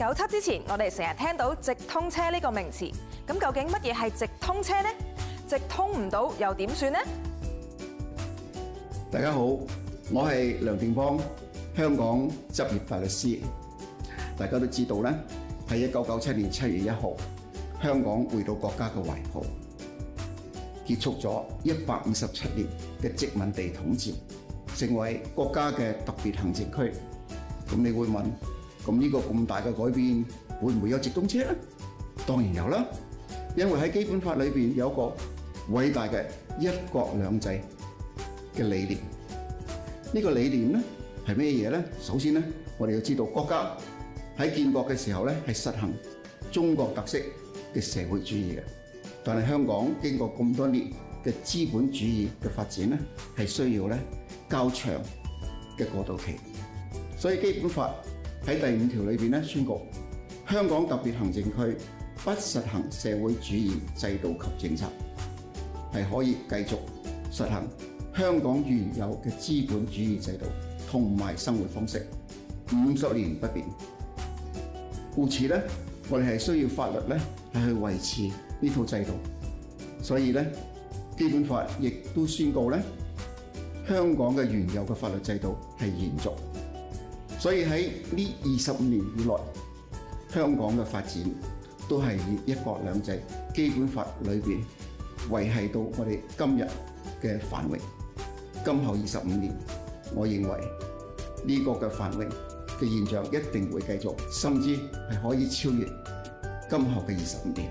九七之前，我哋成日聽到直通車呢個名詞，咁究竟乜嘢係直通車呢？直通唔到又點算呢？大家好，我係梁定邦，香港執業大律師。大家都知道啦，喺一九九七年七月一號，香港回到國家嘅懷抱，結束咗一百五十七年嘅殖民地統治，成為國家嘅特別行政區。咁你會問？咁呢個咁大嘅改變，會唔會有直通車咧？當然有啦，因為喺基本法裏邊有個偉大嘅一國兩制嘅理念。呢個理念咧係咩嘢咧？首先咧，我哋要知道國家喺建國嘅時候咧係實行中國特色嘅社會主義嘅，但係香港經過咁多年嘅資本主義嘅發展咧，係需要咧較長嘅過渡期，所以基本法喺第五條裏邊咧宣告，香港特別行政區不實行社會主義制度及政策，係可以繼續實行香港原有嘅資本主義制度同埋生活方式五十年不變。故此咧，我哋係需要法律咧係去維持呢套制度。所以咧，《基本法》亦都宣告咧，香港嘅原有嘅法律制度係延續。所以喺呢二十五年以來，香港嘅發展都係以一國兩制基本法裏邊維繫到我哋今日嘅繁榮。今後二十五年，我認為呢個嘅繁榮嘅現象一定會繼續，甚至係可以超越今後嘅二十五年。